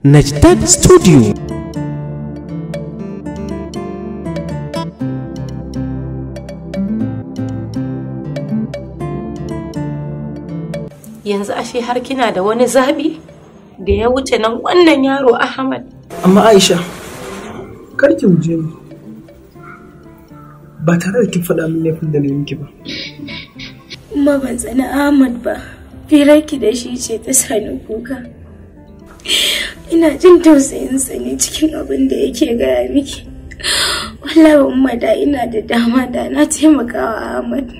Najdad Studio Yanzu ashe har kina da wani zabi da ya wuce nan wannan yaro Ahmad. Amma Aisha, kar ki guje ni. Ba tare da kin faɗa min laifin da na ki ba. Kuma ban tsani Ahmad ba, firarki da shi ce ta sani kuka. ina jin tausayin ne cikin abin da yake gaya miki wallahi umma da ina da dama da na taimakawa Ahmad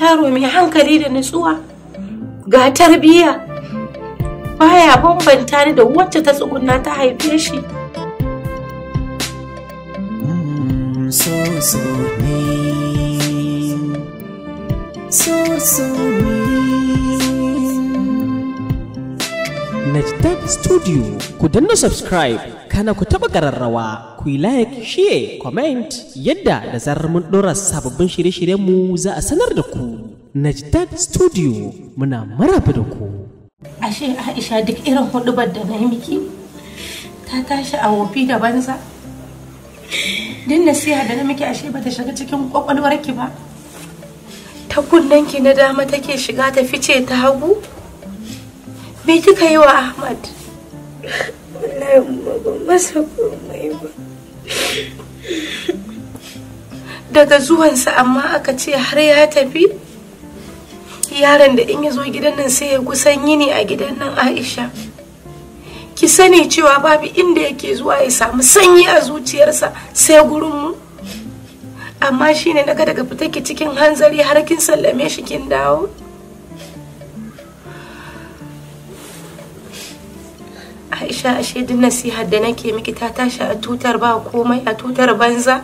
yaro mai hankali da nutsuwa ga tarbiyya baya bambanta ni da wacce ta tsuguna ta haife shi mm, so so me. so so me. Najdad Studio ku danna subscribe kana ku taɓa ƙararrawa ku yi like, share, comment yadda da zarar mun ɗora sababbin shirye-shiryenmu za a sanar da ku. Najdad Studio muna maraba da ku. Ashe Aisha duk irin hudubar da na yi miki ta tashi a wofi da banza. Din nasiha da na miki ashe ba ta shiga cikin kwakwalwarki ba. Ta kunnen ki na dama take shiga ta fice ta hagu. Me kika yi wa Ahmad? masa komai ba. Daga zuwansa amma aka ce har ya tafi? Yaron da in ya zo gidan nan sai ya kusan yi ni a gidan nan Aisha. Ki sani cewa babu inda yake zuwa ya samu sanyi a zuciyarsa sai gurin mu Amma shine naga daga fita ki cikin hanzari har kin sallame shi kin dawo. Aisha ashe duk nasihar da nake miki ta tashi a tutar ba komai a tutar banza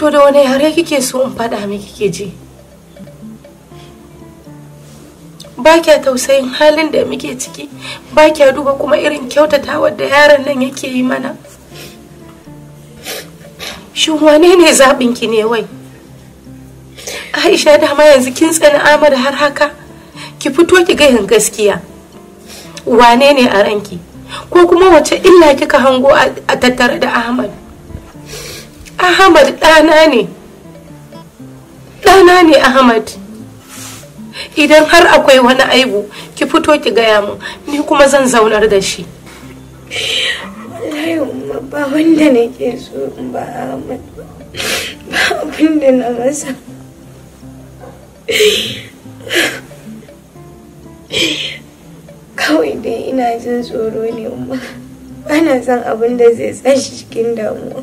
to da wani yare kike so in faɗa miki ke ji ba kya tausayin halin da muke ciki ba kya duba kuma irin kyautatawar da yaron nan yake yi mana shin wane ne zaɓinki ne wai aisha dama yanzu kin tsani Amadu har haka ki fito ki gayin gaskiya wane ne a ranki ko kuma wace illa kika hango a tattare da ahmad ahmad ɗana ne ɗana ne ahmad idan har akwai wani aibu ki fito ki gaya mu ni kuma zan zaunar da shi wallahi umma ba wanda nake so ba ahmad ba abin da na masa kawai dai ina jin tsoro ne umma ana son abin da zai tsashi shi cikin damuwa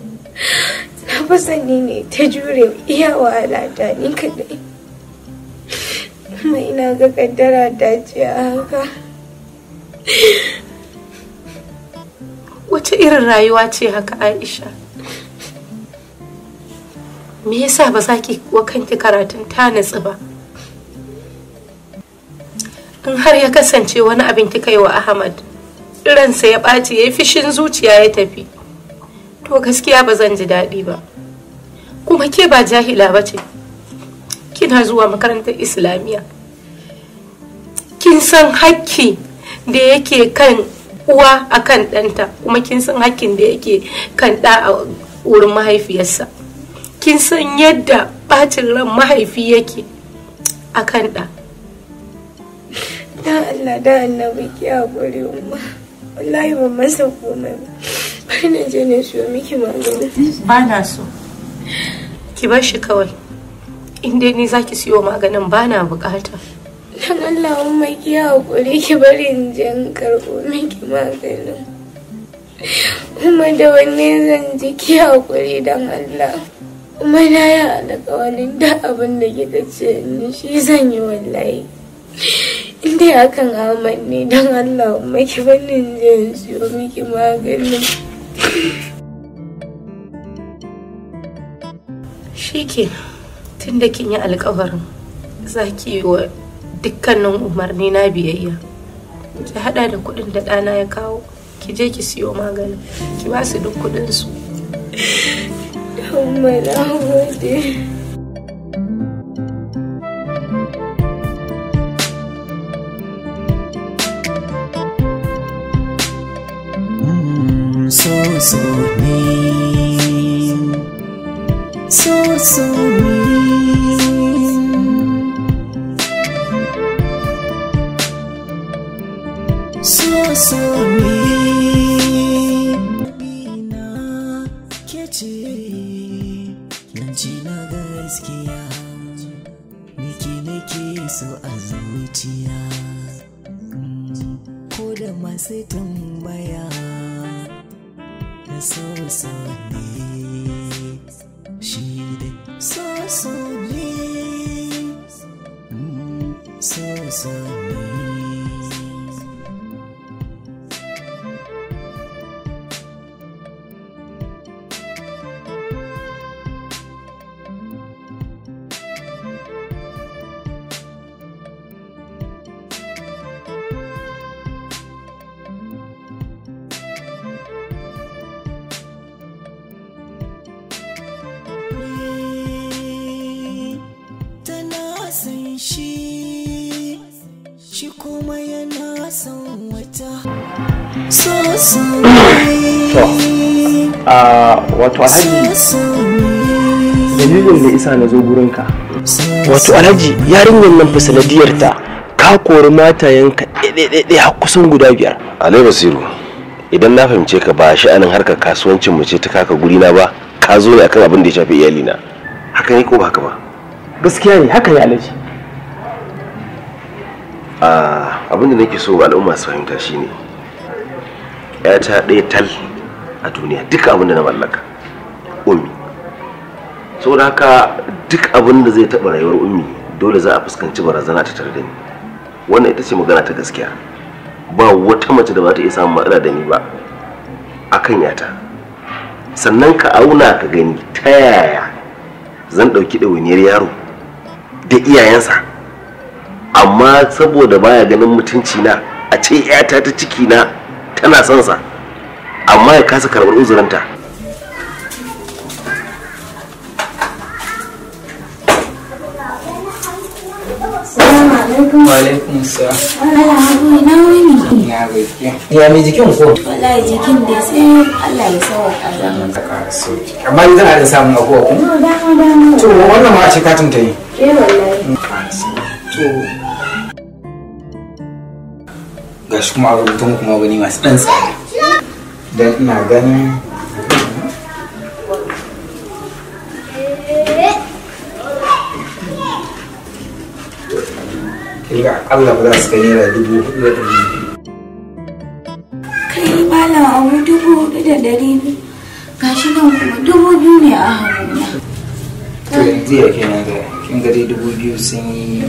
na fi ne ta jure iya wahala ta ni kadai kuma ina ga kaddara ta ce a haka wace irin rayuwa ce haka aisha me yasa ba za ki wa kanki karatun ta natsu ba in har ya kasance wani abin kika yi wa ahmad ransa ya ɓaci ya yi fishin zuciya ya tafi to gaskiya ba zan ji daɗi ba kuma ke ba jahila ba ce kina zuwa makarantar islamiyya kin san hakki da yake kan uwa a kan ɗanta kuma kin san hakkin da yake kan ɗa a wurin mahaifiyarsa kin san yadda ɓacin ran mahaifi yake a kan ɗa dan Allah da annabi ki hakuri umma wallahi ban masa komai ba bari na je na siyo miki magani ba na so ki bar shi kawai in dai ni zaki siyo maganin ba na bukata dan Allah umma ki hakuri ki bari in je in karbo miki maganin kuma da wanne zan ji ki hakuri dan Allah kuma na yi alƙawarin da abin da kika ce ni shi zan yi wallahi da akan amat ni don Allah maki bannin je siyo miki maganin. Shi ke tun da kin yi alkawarin za ki yi wa dukkanin umarni na biyayya. Ki hada da kuɗin da ɗana ya kawo, ki je ki siyo maganin, ki ba su duk kuɗinsu. Don mai na so name so にして shi kuma yana son wata so a wato alhaji dalilin da isa na zo gurinka wato alhaji yarinyar nan fasaladiyar ta ka kori matayenka ɗaiɗaiɗaiɗai har kusan guda biyar alai basiru idan na fahimce ka ba sha'anin harkar kasuwancin mu ce ta kaka gurina ba ka zo ne akan abin da ya shafi iyalina haka ne ko ba haka ba gaskiya ne haka ne alhaji Ah, abin nake so al'umma su fahimta shine ta ɗaya tal a duniya duk abin na mallaka ummi So da haka duk abin zai taɓa rayuwar ummi dole za a fuskanci barazana ta tare da ni wannan ita ce magana ta gaskiya ba wata mace da ba ta iya samun matsala da ni ba akan yata sannan ka auna ka gani ta yaya zan ɗauki ɗawainiyar yaro da iyayensa amma saboda baya ganin mutunci na a ce yata ta ciki na tana son sa amma ya kasa karɓar uzurinta Walaikun sa. Ya mai jikin ko? Wallahi jikin da sai Allah ya sawa ƙasa. Amma yi zan da samun abuwa kuma? Dama To wannan ma a ce katin ta yi. Eh wallahi. To ga shi kuma a rubutun kuma gani masu ɗan tsada don ina ganin kinga akalla ba za su kai naira dubu hudu da ɗari kai malam abu dubu hudu da ɗari ga shi nan kuma dubu biyu ne a hannuna to yanzu ya kenan ga kin ga dubu biyu sun yi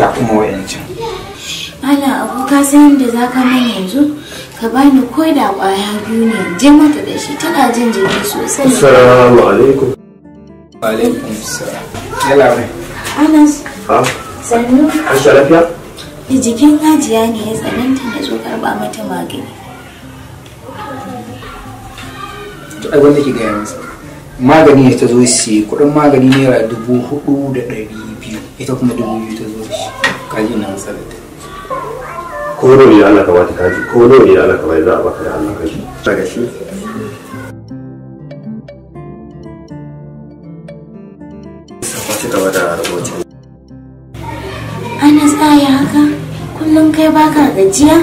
ga kuma wayancan Mala abu ka san yadda za ka nan yanzu? Ka bani ko da ƙwaya biyu ne je mata da shi tana jin jiki sosai. Assalamu alaikum. Wa alaikum salam. Yala mai. Anas. Ha? Sannu. An sha lafiya? Da jikin hajiya ne ya tsananta na zo karɓa mata magani. To ai wanda ki ga yanzu. Magani ne ta zo shi kuɗin magani naira dubu hudu da ɗari biyu ita kuma dubu biyu ta zo shi. Kaji na matsalar ko nawa ne Allah ka ba ka kaji daga shi gaba da rubutu ana tsaya haka kullum kai baka gajiya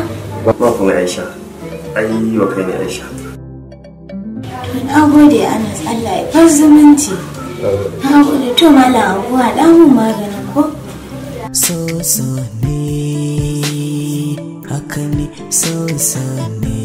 ba kuma Aisha ai wa kai ne Aisha na gode Anas Allah ya bar zumunci na gode to malam abuwa dan maganin ko ne ka so so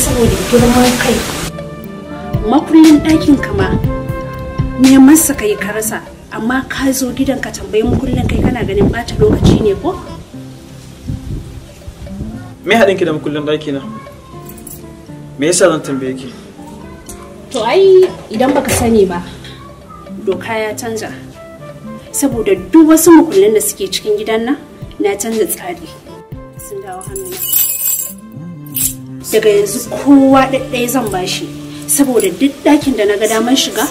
saboda girman kai makullin ɗakin kama neman sa kai ka rasa amma ka zo gidan ka tambayi makullin kai kana ganin ɓata lokaci ne ko me haɗin ki da makullin ɗaki na me yasa zan tambaye ki to ai idan baka sani ba doka ya canza saboda duk wasu makullin da suke cikin gidan nan na canza tsari sun dawo hannu daga yanzu kowa ɗaɗɗaya zan bashi saboda duk ɗakin da na ga damar shiga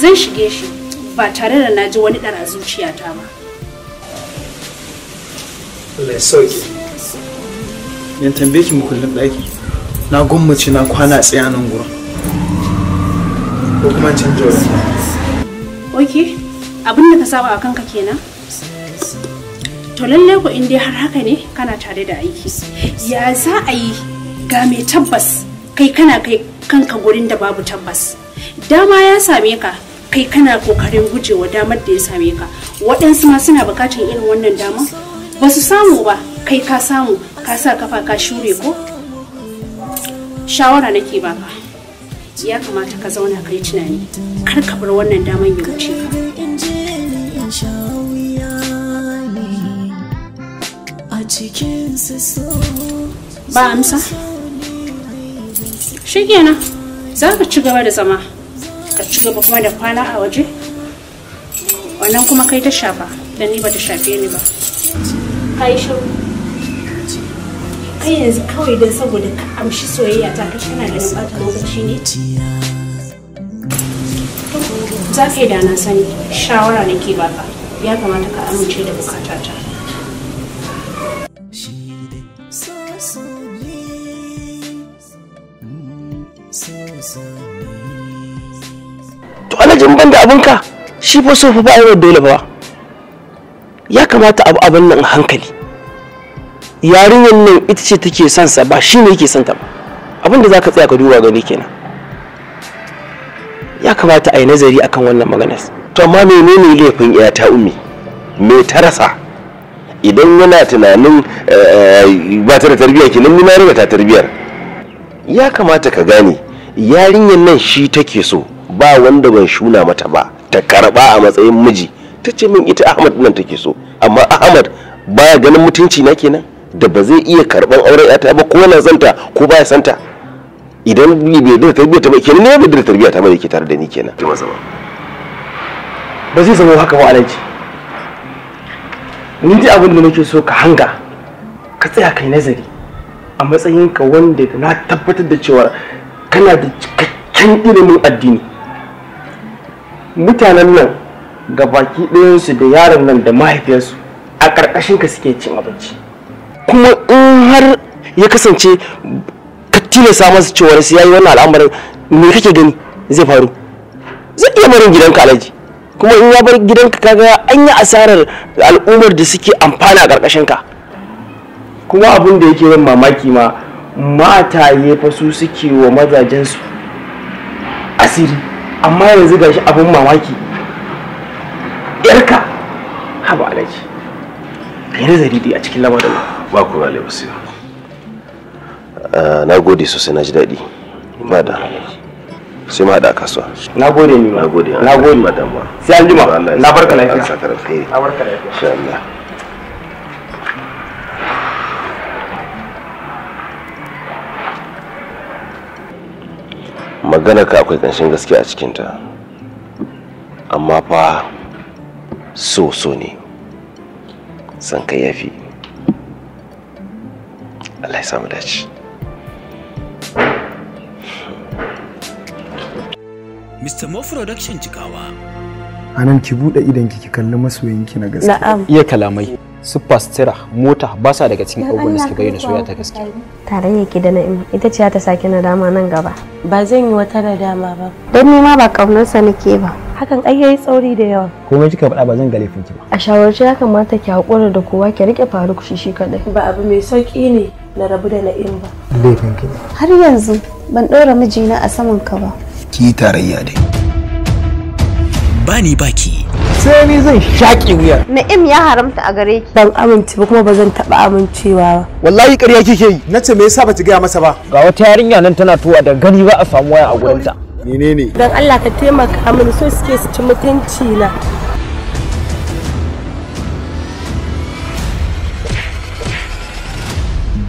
zan shige shi ba tare da na ji wani ɗara zuciyata ba. Allah Yan tambaye ki mukullin ɗaki. Na gwammace na kwana a nan gurin. Ko kuma canja Ok, abin da ka saba a kanka kenan? To lallai ku inda har haka ne kana tare da aiki. Ya za a yi ga mai tabbas kai kana kai kanka gurin da babu tabbas dama ya same ka kai kana kokarin gujewa damar da ya same ka waɗansu ma suna bukatar irin wannan dama ba su samu ba kai ka samu ka sa kafa ka shure ko shawara nake baka ya kamata ka zauna ka yi tunani kar ka bar wannan damar ya wuce ka ba amsa shikenan za ka ci gaba da zama ka ci gaba kuma da kwana a waje wannan kuma kai ta shafa da ni ba ta shafe ni ba kai shau? kai yanzu kawai don saboda ka amshi soyayya ta ka tana da bata lokaci ne za ka yi da na sani shawara nake baka ya kamata ka amince da bukatata abinka shi fa so fa ba dole ba ya kamata abu abin nan hankali yarinyar nan ita ce take son sa ba shi ne yake son ta ba abinda za ka tsaya ka duba gani kenan ya kamata a yi nazari akan wannan maganar to amma menene laifin ya ta ummi me ta rasa idan yana tunanin eh, ba ta da tarbiyya ke ni ma ta tarbiyar ya kamata ka gane yarinyar nan shi take so ba wanda ban shuna mata ba ta karba a matsayin miji ta ce min ita ahmad nan take so amma ahmad baya ganin mutunci na kenan da ba zai iya karban auren yata ba ko yana santa ko ba ya santa idan bai da tarbiyya ta ba kenan ne bai da tarbiyya ta ba yake tare da ni kenan ba zai zama haka ba alaji ni dai abin da nake so ka hanga ka tsaya kai nazari a matsayinka wanda na tabbatar da cewa kana da cikakken ilimin addini mutanen nan ga baki ɗayansu da yaron nan da mahaifiyarsu a ƙarƙashinka ka suke cin abinci kuma in har ya kasance ka tilasta masa cewa su yayi wannan al'amarin me kake gani zai faru zai iya barin gidanka alaji kuma in ya bar gidanka kaga an yi asarar al'ummar da suke amfana a ƙarƙashinka. ka kuma abin da yake yin mamaki ma mataye fa su suke wa mazajensu asiri amma yanzu ga shi abin mamaki yarka haba alaji a yi nazari dai a cikin da ba ku wale wasu ah, na gode sosai na ji daɗi ba da sai ma da kasuwa na gode ne ma na gode ma damuwa sai an jima na barka lafiya na barka lafiya insha magana ka akwai ƙanshin gaske a cikinta amma fa so so ne san kai yafi Allah ya samu dace Mr. Mo Production Jigawa. Anan ki buɗe idan ki kalli masoyinki na gaske. Na'am. Iya kalamai. Super fastira mota ba sa daga cikin abubuwan da suke bayyana soyayya ta gaske. tarayya ki da na'im ita ce ta saki dama nan gaba ba zan yi wata dama ba don ni ma ba kaunarsa nake ba hakan ai yayi tsauri da yawa komai kika faɗa ba zan ga laifin ki ba a shawarce ya kamata ki haƙura da kowa ki rike faruk shi shi ba abu mai sauki ne na rabu da na'im ba laifin ki har yanzu ban ɗora mijina a saman ka ba ki tarayya dai bani baki sai ni zan shaƙe wuya na'im ya haramta a gare ki ban amince ba kuma ba zan taɓa amincewa ba wallahi ƙarya kike yi na ce me yasa ba ta gaya masa ba ga wata yarinya nan tana tuwa da gani ba a samu waya a gurinta menene dan Allah ka taimaka mini so suke su ci mutunci na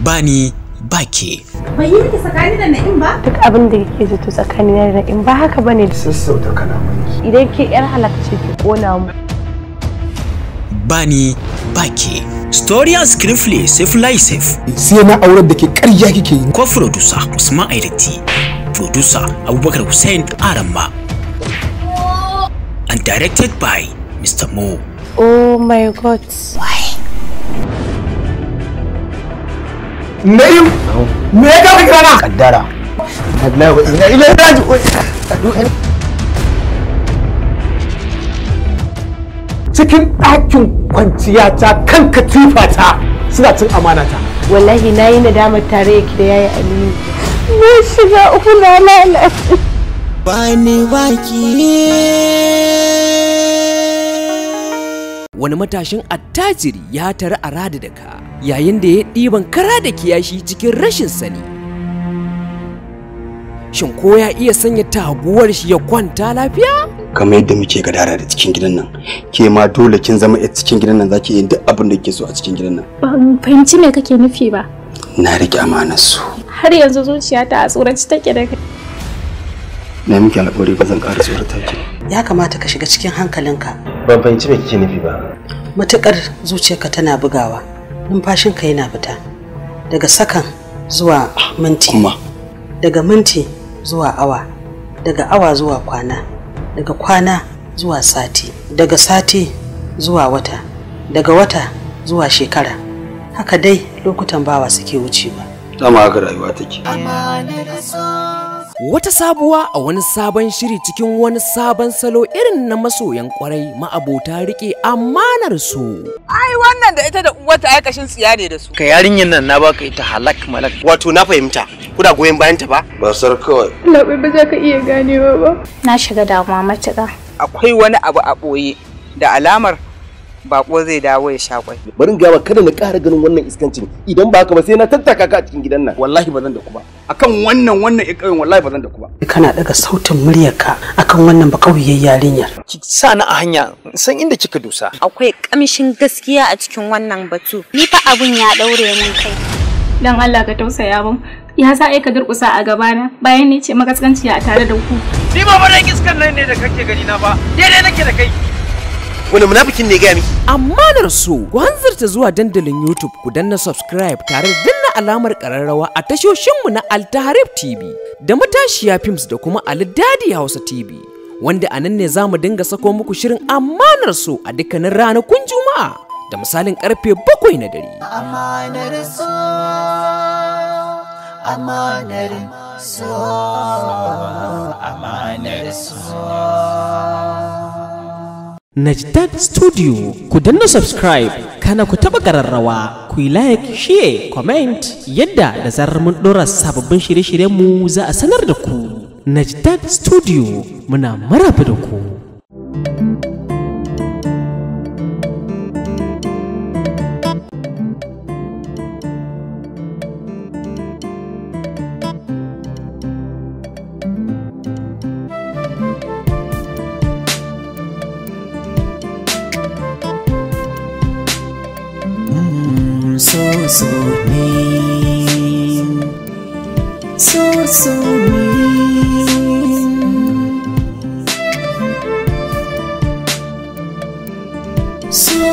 bani baki Bai yi ki tsakani da na'im ba? Duk abin da kike zato tsakani da na'im ba haka bane. Sassauta kalamanki. Idan ke yar halaka ce ki kona mu. Bani baki. Storia Screenplay Safe Life Safe. Sai na aurar da ke ƙarya kike yi. Ko producer Usman Aidati. Producer Abubakar Hussein Aramba. And directed by Mr. Mo. Oh my god. Why? Na'im? Me ya gaba kira na? Kaddara. Wallahi wa inna ilaihi raji'un. Cikin ɗakin kwanciya ta kan katifa ta suna cin amana ta. Wallahi na yi nadamar tare yake da yayi aliyu. Na shiga uku na lalace. Bani waki. Wani matashin attajiri ya tara a rada da ka. yayin da ya ɗiban kara da kiyashi cikin rashin sani shin ko ya iya sanya taguwar shi ya kwanta lafiya kamar yadda muke gadara da cikin gidan nan ke ma dole kin zama a cikin gidan nan zaki yin duk abin da kike so a cikin gidan nan ban fahimci me kake nufi ba na rike amanar su har yanzu zuciyata a tsoranci take da kai na miki alƙawari ba zan ƙara tsorata ki ya kamata ka shiga cikin hankalinka ban fahimci me kike nufi ba Matuƙar zuciyarka tana bugawa numfashinka yana fita daga sakan zuwa minti daga minti zuwa awa daga awa zuwa kwana daga kwana zuwa sati daga sati zuwa wata daga wata zuwa shekara haka dai lokutan bawa suke wucewa dama haka rayuwa take Wata sabuwa a wani sabon shiri cikin wani sabon salo irin na masoyan kwarai ma'abota rike amanar su. Ai wannan da ita da uwata ai kashin tsiya ne da su. Ka yarinyar nan na baka ita halak malak. Wato na fahimta. Kuna goyon bayan ta ba? Ba sar kawai. Labai ba za ka iya ganewa ba. Na shiga damuwa matuƙa. Akwai wani abu a ɓoye da alamar bako zai dawo ya sha kwai bari gaba kada na ƙara ganin wannan iskancin idan ba haka ba sai na tattaka ka a cikin gidan nan wallahi ba zan da ku ba akan wannan wannan ikayin wallahi ba zan da ku ba kana daga sautin muryarka akan wannan ba kauyayyen yarinyar ki sa ni a hanya san inda kika dosa akwai kamshin gaskiya a cikin wannan batu ni fa abun ya daure min kai dan Allah ka tausaya mun ya sa ka durƙusa a gabana bayan ni ce makaskanciya a tare da ku ni ba bare iskan nan ne da kake gani na ba daidai nake da kai wani munafikin ne gaya miki amanar su ku hanzarta zuwa dandalin youtube ku danna subscribe tare da danna alamar kararrawa a tashoshinmu na altaharib tv da matashiya films da kuma Ali Dadi hausa tv wanda a nan ne za mu dinga sako muku shirin amanar su a dukkanin ranakun juma'a da misalin karfe bakwai na dare amanar amanar amanar Najdad Studio ku danna subscribe kana ku taba gararrawa ku yi like share comment yadda da zarar mun dora sababbin shirye-shiryenmu za a sanar da ku Najdad Studio muna maraba da ku